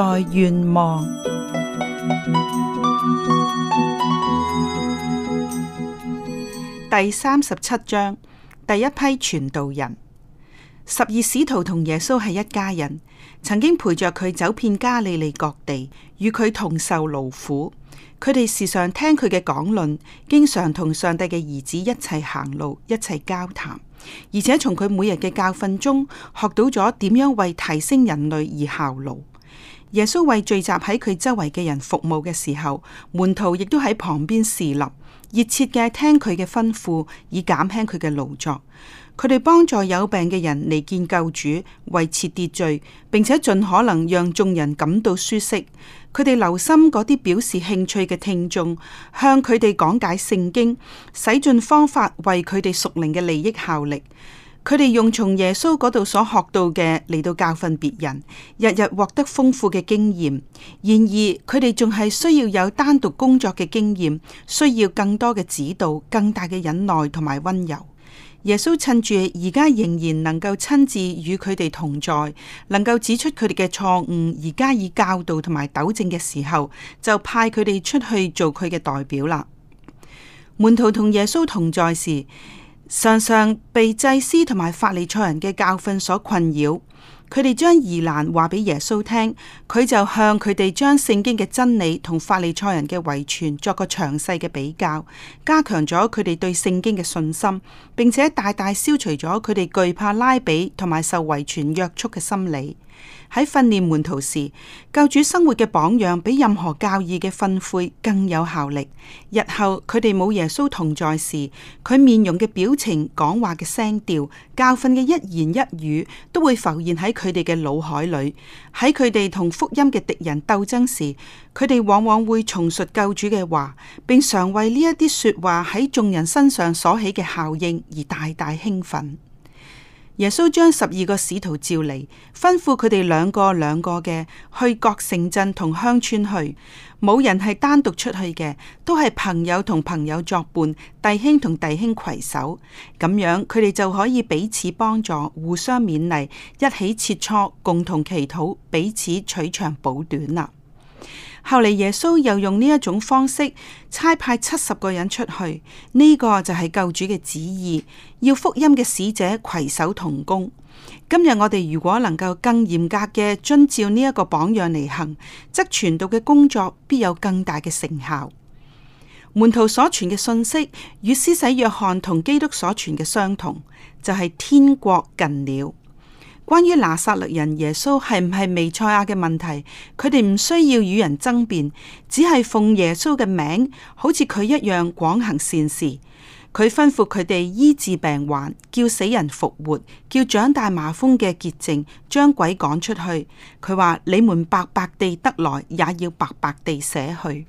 在願望第三十七章，第一批傳道人。十二使徒同耶穌係一家人，曾經陪着佢走遍加利利各地，與佢同受勞苦。佢哋時常聽佢嘅講論，經常同上帝嘅兒子一齊行路，一齊交談，而且從佢每日嘅教訓中學到咗點樣為提升人類而效勞。耶穌為聚集喺佢周圍嘅人服務嘅時候，門徒亦都喺旁邊侍立，熱切嘅聽佢嘅吩咐，以減輕佢嘅勞作。佢哋幫助有病嘅人嚟見救主，維持秩序，並且盡可能讓眾人感到舒適。佢哋留心嗰啲表示興趣嘅聽眾，向佢哋講解聖經，使盡方法為佢哋屬靈嘅利益效力。佢哋用從耶穌嗰度所學到嘅嚟到教訓別人，日日獲得豐富嘅經驗。然而，佢哋仲係需要有單獨工作嘅經驗，需要更多嘅指導、更大嘅忍耐同埋温柔。耶穌趁住而家仍然能夠親自與佢哋同在，能夠指出佢哋嘅錯誤，而加以教導同埋糾正嘅時候，就派佢哋出去做佢嘅代表啦。門徒同耶穌同在時。常常被祭司同埋法利賽人嘅教訓所困擾，佢哋將疑難話俾耶穌聽，佢就向佢哋將聖經嘅真理同法利賽人嘅遺傳作個詳細嘅比較，加強咗佢哋對聖經嘅信心，並且大大消除咗佢哋懼怕拉比同埋受遺傳約束嘅心理。喺訓練門徒時，教主生活嘅榜樣比任何教義嘅訓誨更有效力。日後佢哋冇耶穌同在時，佢面容嘅表情、講話嘅聲調、教訓嘅一言一語，都會浮現喺佢哋嘅腦海裏。喺佢哋同福音嘅敵人鬥爭時，佢哋往往會重述教主嘅話，並常為呢一啲說話喺眾人身上所起嘅效應而大大興奮。耶穌將十二個使徒召嚟，吩咐佢哋兩個兩個嘅去各城鎮同鄉村去，冇人係單獨出去嘅，都係朋友同朋友作伴，弟兄同弟兄攜手，咁樣佢哋就可以彼此幫助，互相勉勵，一起切磋，共同祈禱，彼此取長補短啦。後嚟耶穌又用呢一種方式差派七十個人出去，呢、這個就係救主嘅旨意，要福音嘅使者攜手同工。今日我哋如果能夠更嚴格嘅遵照呢一個榜樣嚟行，則傳道嘅工作必有更大嘅成效。門徒所傳嘅信息與施洗約翰同基督所傳嘅相同，就係、是、天國近了。關於拿撒勒人耶穌係唔係彌賽亞嘅問題，佢哋唔需要與人爭辯，只係奉耶穌嘅名，好似佢一樣廣行善事。佢吩咐佢哋醫治病患，叫死人復活，叫長大麻風嘅潔淨，將鬼趕出去。佢話：你們白白地得來，也要白白地捨去。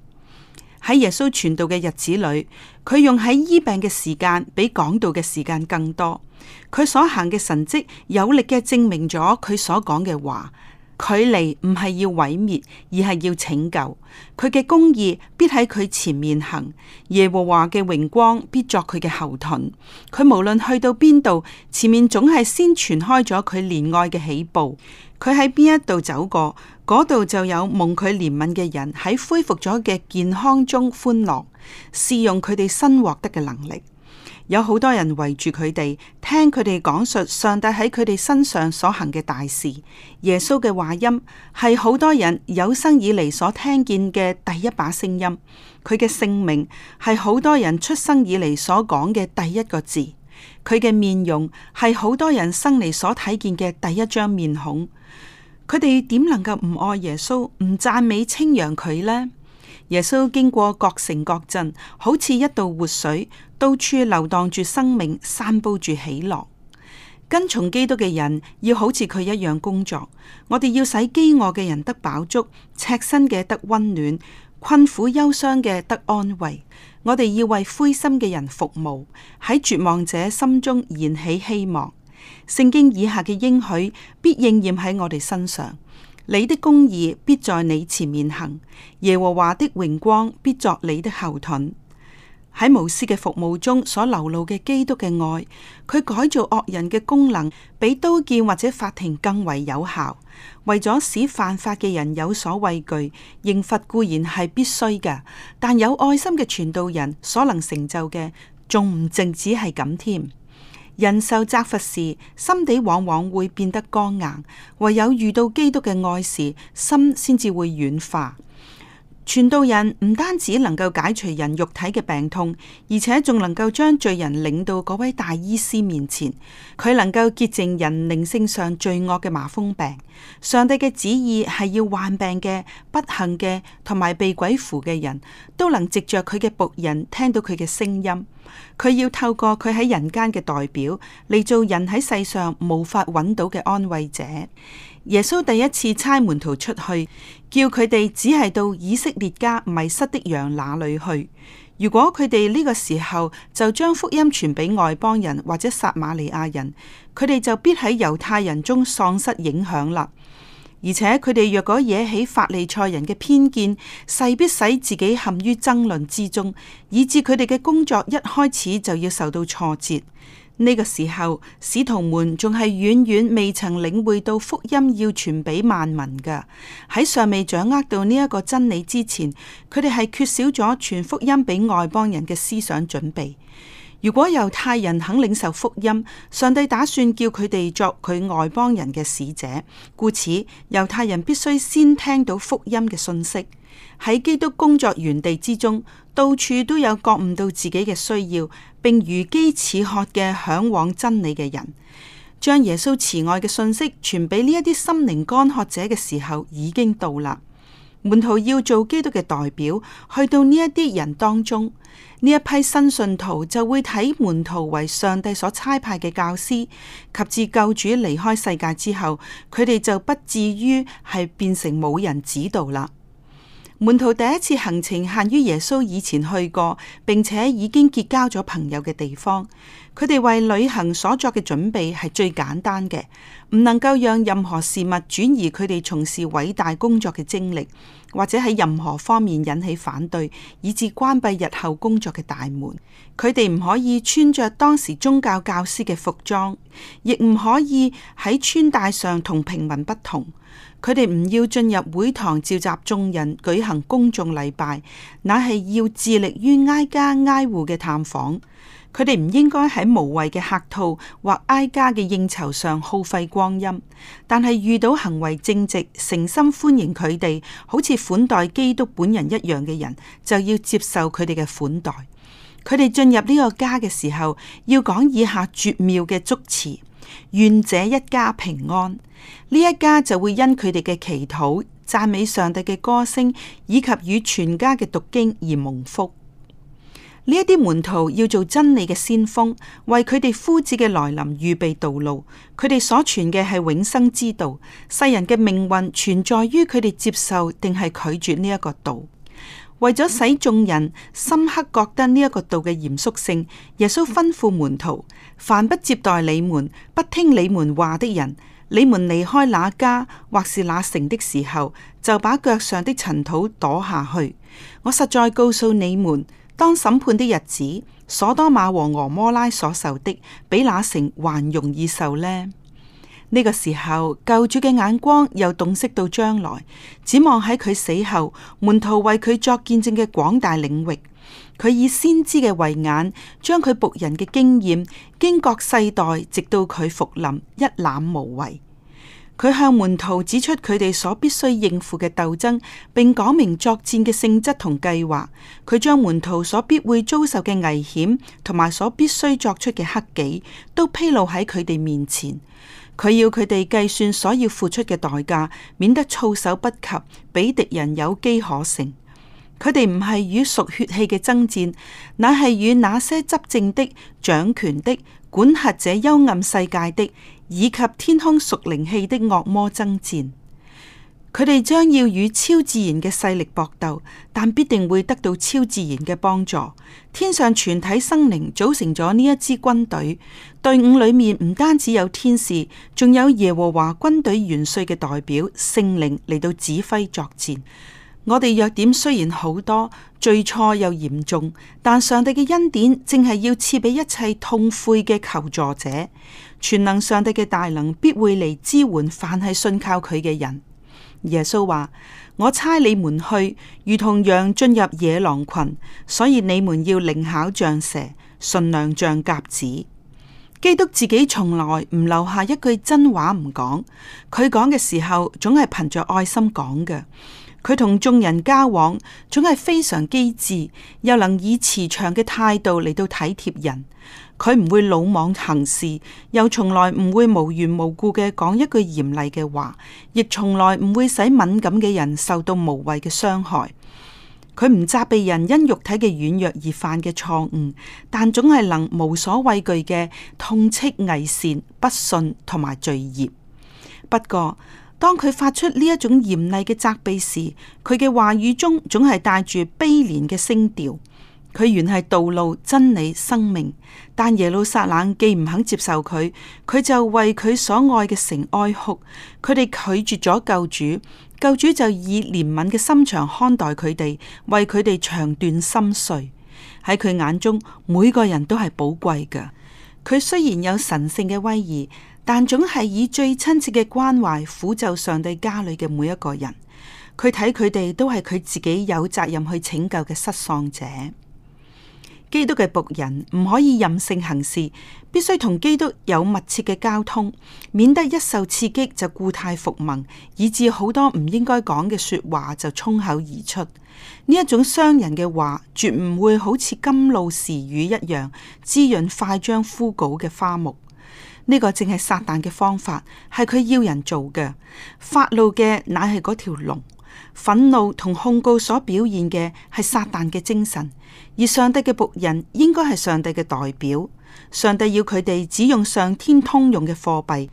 喺耶穌傳道嘅日子裏，佢用喺醫病嘅時間比講道嘅時間更多。佢所行嘅神蹟有力嘅證明咗佢所講嘅話。佢嚟唔係要毀滅，而係要拯救。佢嘅公義必喺佢前面行，耶和華嘅榮光必作佢嘅後盾。佢無論去到邊度，前面總係先傳開咗佢憐愛嘅起步。佢喺邊一度走過，嗰度就有蒙佢憐憫嘅人喺恢復咗嘅健康中歡樂，試用佢哋新獲得嘅能力。有好多人圍住佢哋，聽佢哋講述上帝喺佢哋身上所行嘅大事。耶穌嘅話音係好多人有生以嚟，所聽見嘅第一把聲音，佢嘅姓名係好多人出生以嚟，所講嘅第一個字，佢嘅面容係好多人生嚟，所睇見嘅第一張面孔。佢哋點能夠唔愛耶穌，唔讚美稱揚佢呢？耶穌經過各城各鎮，好似一道活水，到處流蕩住生命，散布住喜樂。跟從基督嘅人，要好似佢一樣工作。我哋要使飢餓嘅人得飽足，赤身嘅得溫暖，困苦憂傷嘅得安慰。我哋要為灰心嘅人服務，喺絕望者心中燃起希望。聖經以下嘅應許，必應驗喺我哋身上。你的公義必在你前面行，耶和華的榮光必作你的後盾。喺無私嘅服務中所流露嘅基督嘅愛，佢改造惡人嘅功能，比刀劍或者法庭更為有效。為咗使犯法嘅人有所畏懼，刑罰固然係必須嘅，但有愛心嘅傳道人所能成就嘅，仲唔淨止係咁添。人受責罰時，心底往往會變得剛硬；唯有遇到基督嘅愛時，心先至會軟化。傳道人唔單止能夠解除人肉體嘅病痛，而且仲能夠將罪人領到嗰位大醫師面前。佢能夠潔淨人靈性上罪惡嘅麻風病。上帝嘅旨意係要患病嘅、不幸嘅同埋被鬼附嘅人都能藉着佢嘅僕人聽到佢嘅聲音。佢要透過佢喺人間嘅代表嚟做人喺世上無法揾到嘅安慰者。耶穌第一次差門徒出去，叫佢哋只係到以色列家迷失的羊那裏去。如果佢哋呢個時候就將福音傳俾外邦人或者撒瑪利亞人，佢哋就必喺猶太人中喪失影響啦。而且佢哋若果惹起法利賽人嘅偏見，勢必使自己陷於爭論之中，以致佢哋嘅工作一開始就要受到挫折。呢、這個時候，使徒們仲係遠遠未曾領會到福音要傳俾萬民噶。喺尚未掌握到呢一個真理之前，佢哋係缺少咗傳福音俾外邦人嘅思想準備。如果猶太人肯領受福音，上帝打算叫佢哋作佢外邦人嘅使者，故此，猶太人必須先聽到福音嘅信息。喺基督工作原地之中，到處都有覺悟到自己嘅需要，並如饑似渴嘅向往真理嘅人，將耶穌慈愛嘅信息傳俾呢一啲心靈乾渴者嘅時候，已經到啦。門徒要做基督嘅代表，去到呢一啲人當中，呢一批新信徒就會睇門徒為上帝所差派嘅教師，及至救主離開世界之後，佢哋就不至於係變成冇人指導啦。門徒第一次行程限於耶穌以前去過，並且已經結交咗朋友嘅地方。佢哋為旅行所作嘅準備係最簡單嘅，唔能夠讓任何事物轉移佢哋從事偉大工作嘅精力，或者喺任何方面引起反對，以至關閉日後工作嘅大門。佢哋唔可以穿着當時宗教教師嘅服裝，亦唔可以喺穿戴上同平民不同。佢哋唔要進入會堂召集眾人舉行公眾禮拜，乃係要致力於挨家挨戶嘅探訪。佢哋唔應該喺無謂嘅客套或挨家嘅應酬上耗費光陰，但係遇到行為正直、誠心歡迎佢哋，好似款待基督本人一樣嘅人，就要接受佢哋嘅款待。佢哋進入呢個家嘅時候，要講以下絕妙嘅祝詞：願這一家平安。呢一家就會因佢哋嘅祈禱、讚美上帝嘅歌聲以及與全家嘅讀經而蒙福。呢一啲門徒要做真理嘅先鋒，為佢哋夫子嘅來臨預備道路。佢哋所傳嘅係永生之道，世人嘅命運存在於佢哋接受定係拒絕呢一個道。為咗使眾人深刻覺得呢一個道嘅嚴肅性，耶穌吩咐門徒：「凡不接待你們、不聽你們話的人，你們離開那家或是那城的時候，就把腳上的塵土跺下去。」我實在告訴你們。當審判的日子，所多瑪和俄摩拉所受的，比那城還容易受呢？呢、呢個時候，救主嘅眼光又洞悉到將來，展望喺佢死後，門徒為佢作見證嘅廣大領域。佢以先知嘅慧眼，將佢僕人嘅經驗，經過世代，直到佢復臨，一覽無遺。佢向門徒指出佢哋所必須應付嘅鬥爭，並講明作戰嘅性質同計劃。佢將門徒所必會遭受嘅危險同埋所必須作出嘅克己，都披露喺佢哋面前。佢要佢哋計算所要付出嘅代價，免得措手不及，俾敵人有機可乘。佢哋唔係與屬血氣嘅爭戰，乃係與那些執政的、掌權的、管轄這幽暗世界的，以及天空屬靈氣的惡魔爭戰，佢哋將要與超自然嘅勢力搏鬥，但必定會得到超自然嘅幫助。天上全體生靈組成咗呢一支軍隊，隊伍裏面唔單止有天使，仲有耶和華軍隊元帥嘅代表聖靈嚟到指揮作戰。我哋弱點雖然好多，罪錯又嚴重，但上帝嘅恩典正係要賜俾一切痛悔嘅求助者。全能上帝嘅大能必會嚟支援凡係信靠佢嘅人。耶穌話：我差你們去，如同羊進入野狼群，所以你們要靈巧像蛇，馴良像鴿子。基督自己從來唔留下一句真話唔講，佢講嘅時候總係憑着愛心講嘅。佢同眾人交往，總係非常機智，又能以慈祥嘅態度嚟到體貼人。佢唔會魯莽行事，又從來唔會無緣無故嘅講一句嚴厲嘅話，亦從來唔會使敏感嘅人受到無謂嘅傷害。佢唔責備人因肉體嘅軟弱而犯嘅錯誤，但總係能無所畏懼嘅痛斥偽善、不信同埋罪孽。不過，當佢發出呢一種嚴厲嘅責備時，佢嘅話語中總係帶住悲憐嘅聲調。佢原係道路、真理、生命，但耶路撒冷既唔肯接受佢，佢就為佢所愛嘅城哀哭。佢哋拒絕咗救主，救主就以憐憫嘅心腸看待佢哋，為佢哋腸斷心碎。喺佢眼中，每個人都係寶貴嘅。佢雖然有神聖嘅威儀，但總係以最親切嘅關懷俯就上帝家裏嘅每一個人，佢睇佢哋都係佢自己有責任去拯救嘅失喪者。基督嘅僕人唔可以任性行事，必須同基督有密切嘅交通，免得一受刺激就故態復萌，以致好多唔應該講嘅說話就衝口而出。呢一種傷人嘅話，絕唔會好似甘露時雨一樣滋潤快將枯槁嘅花木。呢個正係撒旦嘅方法，係佢要人做嘅。發怒嘅乃係嗰條龍，憤怒同控告所表現嘅係撒旦嘅精神，而上帝嘅僕人應該係上帝嘅代表。上帝要佢哋只用上天通用嘅貨幣，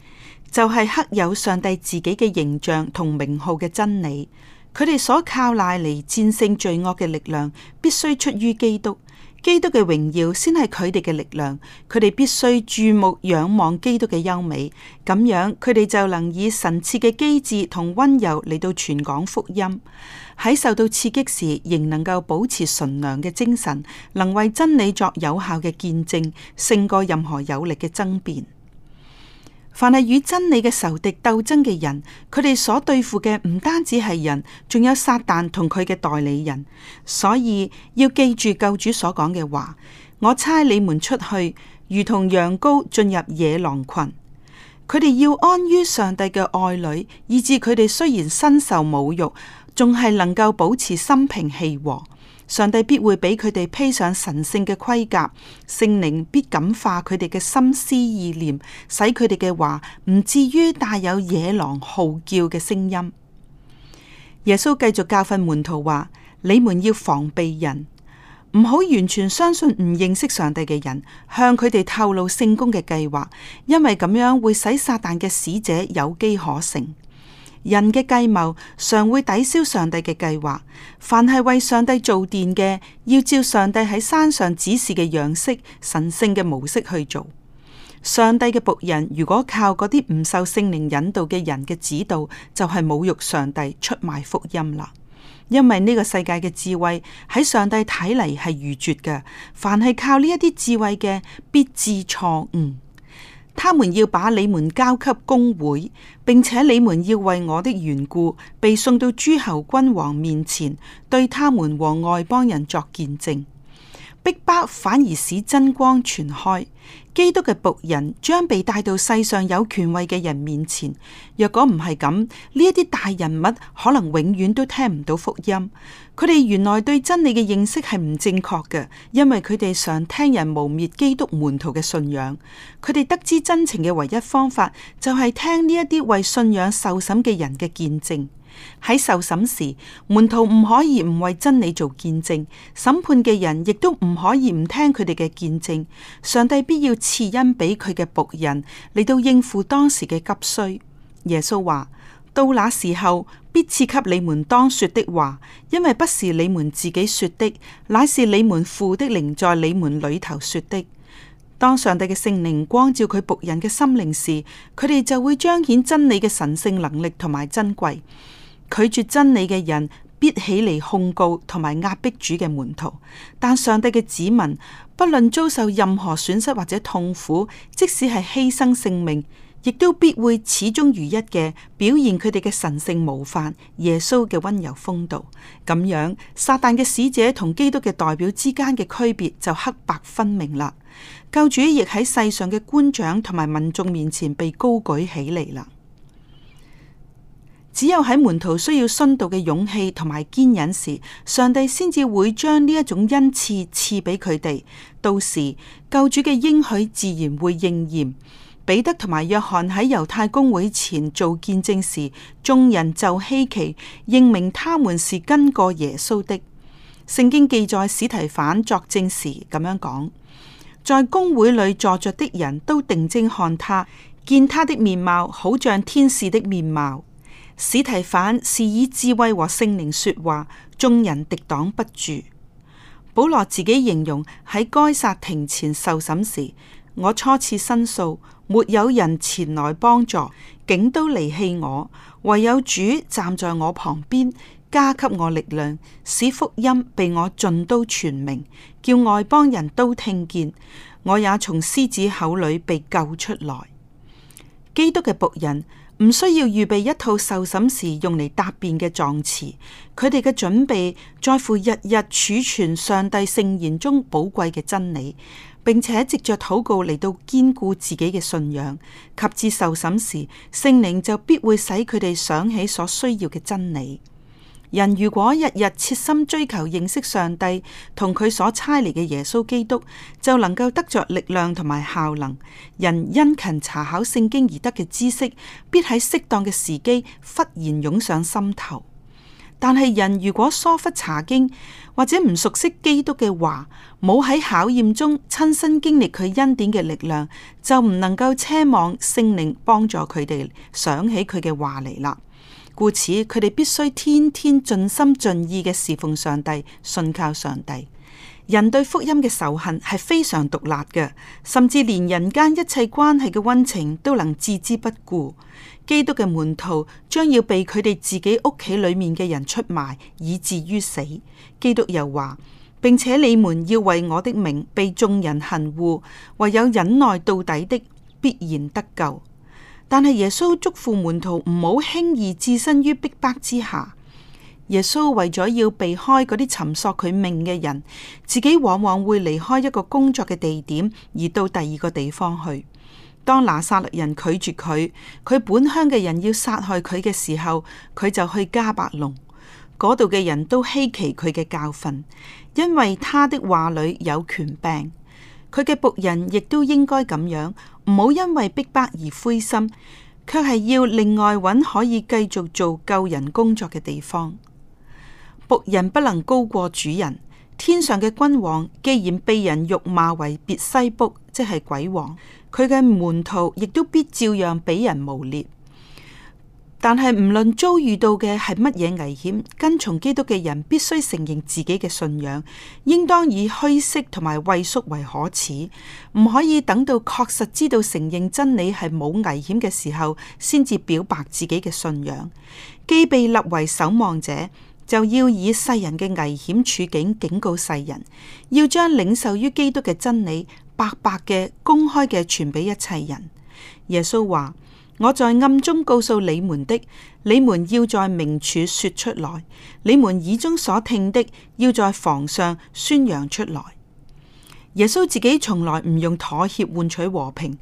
就係刻有上帝自己嘅形象同名號嘅真理。佢哋所靠賴嚟戰勝罪惡嘅力量，必須出於基督。基督嘅榮耀先係佢哋嘅力量，佢哋必須注目仰望基督嘅優美，咁樣佢哋就能以神賜嘅機智同溫柔嚟到傳講福音。喺受到刺激時，仍能夠保持純良嘅精神，能為真理作有效嘅見證，勝過任何有力嘅爭辯。凡係與真理嘅仇敵鬥爭嘅人，佢哋所對付嘅唔單止係人，仲有撒旦同佢嘅代理人。所以要記住救主所講嘅話：我差你們出去，如同羊羔進入野狼群。佢哋要安於上帝嘅愛裏，以至佢哋雖然身受侮辱，仲係能夠保持心平氣和。上帝必會俾佢哋披上神聖嘅盔甲，聖靈必感化佢哋嘅心思意念，使佢哋嘅話唔至於帶有野狼號叫嘅聲音。耶穌繼續教訓門徒話：「你們要防備人，唔好完全相信唔認識上帝嘅人，向佢哋透露聖工嘅計劃，因為咁樣會使撒旦嘅使者有機可乘。」人嘅計謀常會抵消上帝嘅計劃。凡係為上帝造殿嘅，要照上帝喺山上指示嘅樣式、神聖嘅模式去做。上帝嘅僕人如果靠嗰啲唔受聖靈引導嘅人嘅指導，就係、是、侮辱上帝、出賣福音啦。因為呢個世界嘅智慧喺上帝睇嚟係愚拙嘅。凡係靠呢一啲智慧嘅，必致錯誤。他們要把你們交給公會，並且你們要為我的緣故被送到諸侯君王面前，對他們和外邦人作見證。逼迫反而使真光傳開，基督嘅僕人將被帶到世上有權威嘅人面前。若果唔係咁，呢一啲大人物可能永遠都聽唔到福音。佢哋原來對真理嘅認識係唔正確嘅，因為佢哋想聽人污蔑基督門徒嘅信仰。佢哋得知真情嘅唯一方法就係聽呢一啲為信仰受審嘅人嘅見證。喺受審時，門徒唔可以唔為真理做見證，審判嘅人亦都唔可以唔聽佢哋嘅見證。上帝必要賜恩俾佢嘅僕人，嚟到應付當時嘅急需。耶穌話：到那時候，必賜給你們當說的話，因為不是你們自己說的，乃是你們父的靈在你們裏頭說的。當上帝嘅聖靈光照佢僕人嘅心靈時，佢哋就會彰顯真理嘅神聖能力同埋珍貴。拒絕真理嘅人，必起嚟控告同埋壓迫主嘅門徒。但上帝嘅子民，不論遭受任何損失或者痛苦，即使係犧牲性命，亦都必會始終如一嘅表現佢哋嘅神性模範、耶穌嘅溫柔風度。咁樣，撒旦嘅使者同基督嘅代表之間嘅區別就黑白分明啦。救主亦喺世上嘅官長同埋民眾面前被高舉起嚟啦。只有喺門徒需要殉道嘅勇氣同埋堅忍時，上帝先至會將呢一種恩賜賜俾佢哋。到時救主嘅應許自然會應驗。彼得同埋約翰喺猶太公會前做見證時，眾人就希奇，認明他們是跟過耶穌的。聖經記載，史提反作證時咁樣講：在公會裏坐着的人都定睛看他，見他的面貌好像天使的面貌。史提反是以智慧和聖靈說話，眾人抵擋不住。保羅自己形容喺該撒庭前受審時，我初次申訴，沒有人前來幫助，竟都離棄我，唯有主站在我旁邊，加給我力量，使福音被我盡都傳明，叫外邦人都聽見。我也從獅子口裏被救出來。基督嘅僕人。唔需要預備一套受審時用嚟答辯嘅狀詞，佢哋嘅準備在乎日日儲存上帝聖言中寶貴嘅真理，並且藉着禱告嚟到堅固自己嘅信仰，及至受審時，聖靈就必會使佢哋想起所需要嘅真理。人如果日日切心追求認識上帝同佢所差嚟嘅耶穌基督，就能夠得着力量同埋效能。人因勤查考聖經而得嘅知識，必喺適當嘅時機忽然湧上心頭。但係人如果疏忽查經，或者唔熟悉基督嘅話，冇喺考驗中親身經歷佢恩典嘅力量，就唔能夠奢望聖靈幫助佢哋想起佢嘅話嚟啦。故此，佢哋必須天天盡心盡意嘅侍奉上帝，信靠上帝。人對福音嘅仇恨係非常毒立嘅，甚至連人間一切關係嘅温情都能置之不顧。基督嘅門徒將要被佢哋自己屋企裏面嘅人出賣，以至於死。基督又話，並且你們要為我的名被眾人恨惡，唯有忍耐到底的，必然得救。但係耶穌囑咐門徒，唔好輕易置身於逼迫之下。耶穌為咗要避開嗰啲尋索佢命嘅人，自己往往會離開一個工作嘅地點，而到第二個地方去。當拿撒勒人拒絕佢，佢本鄉嘅人要殺害佢嘅時候，佢就去迦百農。嗰度嘅人都希奇佢嘅教訓，因為他的話裏有權柄。佢嘅僕人亦都應該咁樣。唔好因為逼迫而灰心，卻係要另外揾，可以繼續做救人工作嘅地方。僕人不能高過主人，天上嘅君王既然被人辱罵為別西卜，即係鬼王，佢嘅門徒亦都必照樣俾人污衊。但係唔論遭遇到嘅係乜嘢危險，跟從基督嘅人必須承認自己嘅信仰，應當以虛飾同埋畏縮為可恥，唔可以等到確實知道承認真理係冇危險嘅時候，先至表白自己嘅信仰。既被立為守望者，就要以世人嘅危險處境警告世人，要將領受於基督嘅真理白白嘅、公開嘅傳俾一切人。耶穌話。我在暗中告訴你們的，你們要在明處說出來；你們耳中所聽的，要在房上宣揚出來。耶穌自己從來唔用妥協換取和平，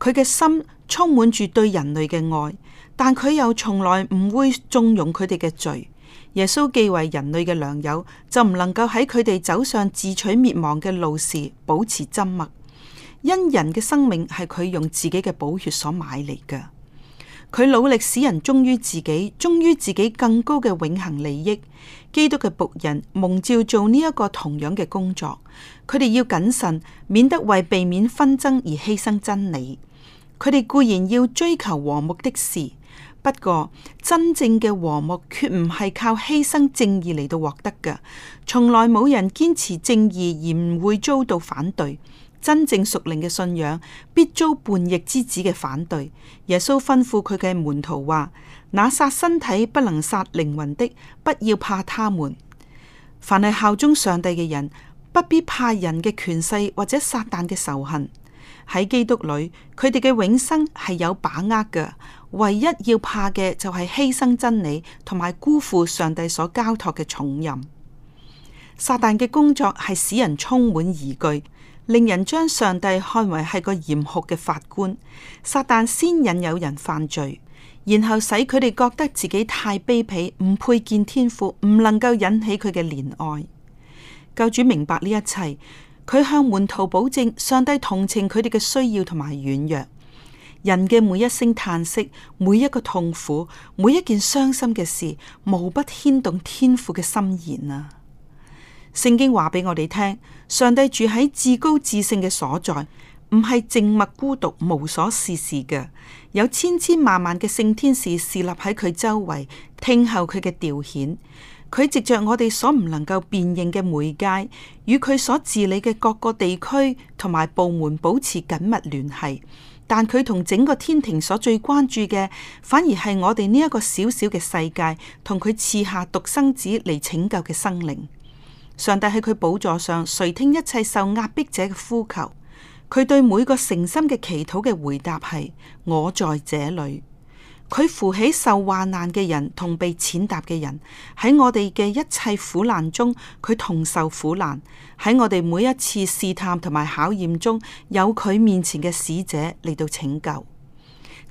佢嘅心充滿住對人類嘅愛，但佢又從來唔會縱容佢哋嘅罪。耶穌既為人類嘅良友，就唔能夠喺佢哋走上自取滅亡嘅路時保持沉默。因人嘅生命係佢用自己嘅寶血所買嚟嘅，佢努力使人忠於自己，忠於自己更高嘅永恆利益。基督嘅僕人蒙召做呢一個同樣嘅工作，佢哋要謹慎，免得為避免紛爭而犧牲真理。佢哋固然要追求和睦的事，不過真正嘅和睦決唔係靠犧牲正義嚟到獲得嘅，從來冇人堅持正義而唔會遭到反對。真正屬靈嘅信仰必遭叛逆之子嘅反對。耶穌吩咐佢嘅門徒話：那殺身體不能殺靈魂的，不要怕他們。凡係效忠上帝嘅人，不必怕人嘅權勢或者撒旦嘅仇恨。喺基督裏，佢哋嘅永生係有把握嘅。唯一要怕嘅就係犧牲真理同埋辜負上帝所交託嘅重任。撒旦嘅工作係使人充滿疑懼。令人將上帝看為係個嚴酷嘅法官，撒旦先引誘人犯罪，然後使佢哋覺得自己太卑鄙，唔配見天父，唔能夠引起佢嘅憐愛。教主明白呢一切，佢向門徒保證，上帝同情佢哋嘅需要同埋軟弱。人嘅每一聲嘆息，每一個痛苦，每一件傷心嘅事，無不牽動天父嘅心弦啊！聖經話俾我哋聽，上帝住喺至高至聖嘅所在，唔係靜默孤獨、無所事事嘅。有千千萬萬嘅聖天使侍立喺佢周圍，聽候佢嘅調遣。佢藉着我哋所唔能夠辨認嘅媒介，與佢所治理嘅各個地區同埋部門保持緊密聯繫。但佢同整個天庭所最關注嘅，反而係我哋呢一個小小嘅世界，同佢賜下獨生子嚟拯救嘅生靈。上帝喺佢寶座上垂聽一切受壓迫者嘅呼求，佢對每個誠心嘅祈禱嘅回答係：我在這裏。佢扶起受患難嘅人同被踐踏嘅人，喺我哋嘅一切苦難中，佢同受苦難；喺我哋每一次試探同埋考驗中，有佢面前嘅使者嚟到拯救。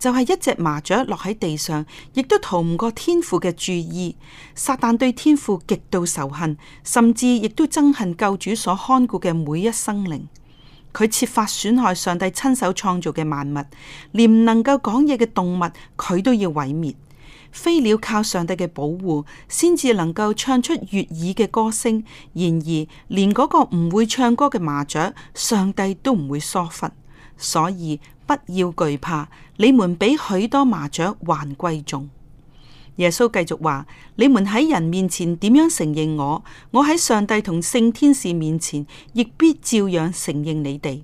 就係一隻麻雀落喺地上，亦都逃唔過天父嘅注意。撒旦對天父極度仇恨，甚至亦都憎恨救主所看顧嘅每一生靈。佢設法損害上帝親手創造嘅萬物，連唔能夠講嘢嘅動物佢都要毀滅。飛鳥靠上帝嘅保護，先至能夠唱出悅耳嘅歌聲。然而，連嗰個唔會唱歌嘅麻雀，上帝都唔會疏忽。所以，不要懼怕。你們比許多麻雀還貴重。耶穌繼續話：你們喺人面前點樣承認我，我喺上帝同聖天使面前亦必照樣承認你哋。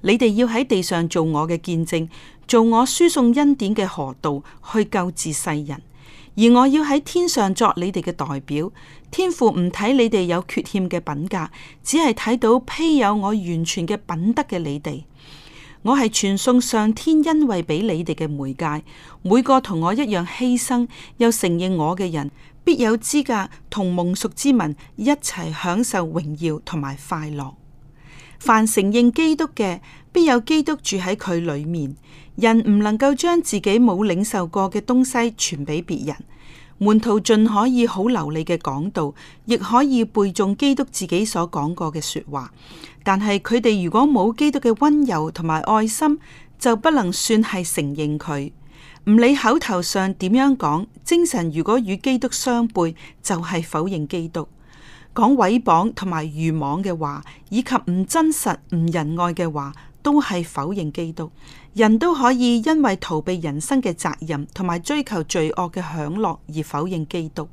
你哋要喺地上做我嘅見證，做我輸送恩典嘅河道去救治世人，而我要喺天上作你哋嘅代表。天父唔睇你哋有缺欠嘅品格，只係睇到披有我完全嘅品德嘅你哋。我係傳送上天恩惠俾你哋嘅媒介，每個同我一樣犧牲又承認我嘅人，必有資格同蒙贖之民一齊享受榮耀同埋快樂。凡承認基督嘅，必有基督住喺佢裏面。人唔能夠將自己冇領受過嘅東西傳俾別人。門徒盡可以好流利嘅講道，亦可以背誦基督自己所講過嘅說話。但係佢哋如果冇基督嘅溫柔同埋愛心，就不能算係承認佢。唔理口頭上點樣講，精神如果與基督相背，就係、是、否認基督。講毀謗同埋愚妄嘅話，以及唔真實、唔仁愛嘅話，都係否認基督，人都可以因為逃避人生嘅責任，同埋追求罪惡嘅享樂而否認基督。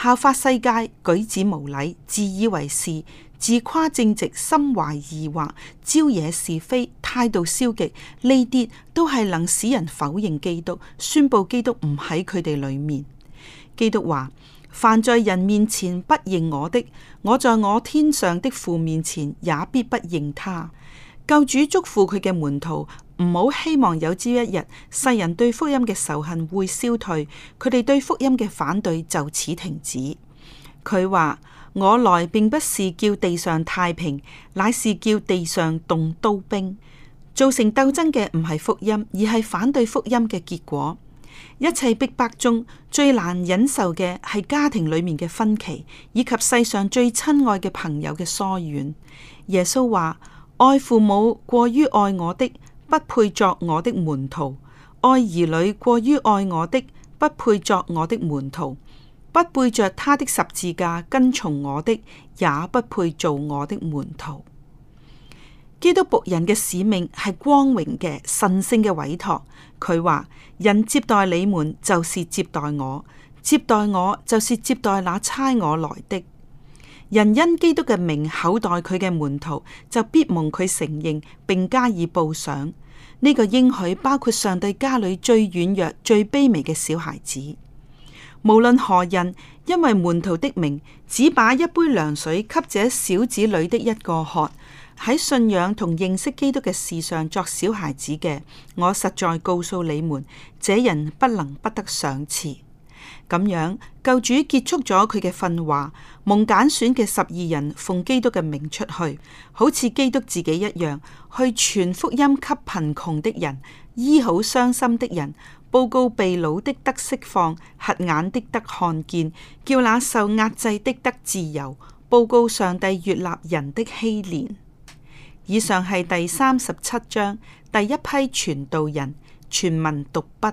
效法世界，舉止無禮，自以為是，自誇正直，心懷疑惑，招惹是非，態度消極，呢啲都係能使人否認基督，宣佈基督唔喺佢哋裏面。基督話：凡在人面前不認我的，我在我天上的父面前也必不認他。救主祝福佢嘅門徒，唔好希望有朝一日世人對福音嘅仇恨會消退，佢哋對福音嘅反對就此停止。佢話，我來並不是叫地上太平，乃是叫地上動刀兵。造成鬥爭嘅唔係福音，而係反對福音嘅結果。一切逼迫中最難忍受嘅係家庭裏面嘅分歧，以及世上最親愛嘅朋友嘅疏遠。耶穌話。愛父母過於愛我的，不配作我的門徒；愛兒女過於愛我的，不配作我的門徒；不背着他的十字架跟從我的，也不配做我的門徒。基督僕人嘅使命係光榮嘅、神聖嘅委託。佢話：人接待你們，就是接待我；接待我，就是接待那差我來的。人因基督嘅名厚待佢嘅門徒，就必蒙佢承認並加以報賞。呢、這個應許包括上帝家裏最軟弱、最卑微嘅小孩子。無論何人，因為門徒的名，只把一杯涼水給這小子裏的一個喝，喺信仰同認識基督嘅事上作小孩子嘅，我實在告訴你們，這人不能不得賞賜。咁樣，救主結束咗佢嘅訓話，蒙揀選嘅十二人奉基督嘅名出去，好似基督自己一樣，去傳福音，給貧窮的人醫好傷心的人，報告被擄的得釋放，瞎眼的得看見，叫那受壓制的得自由，報告上帝悅納人的禧年。以上係第三十七章第一批傳道人全文讀畢。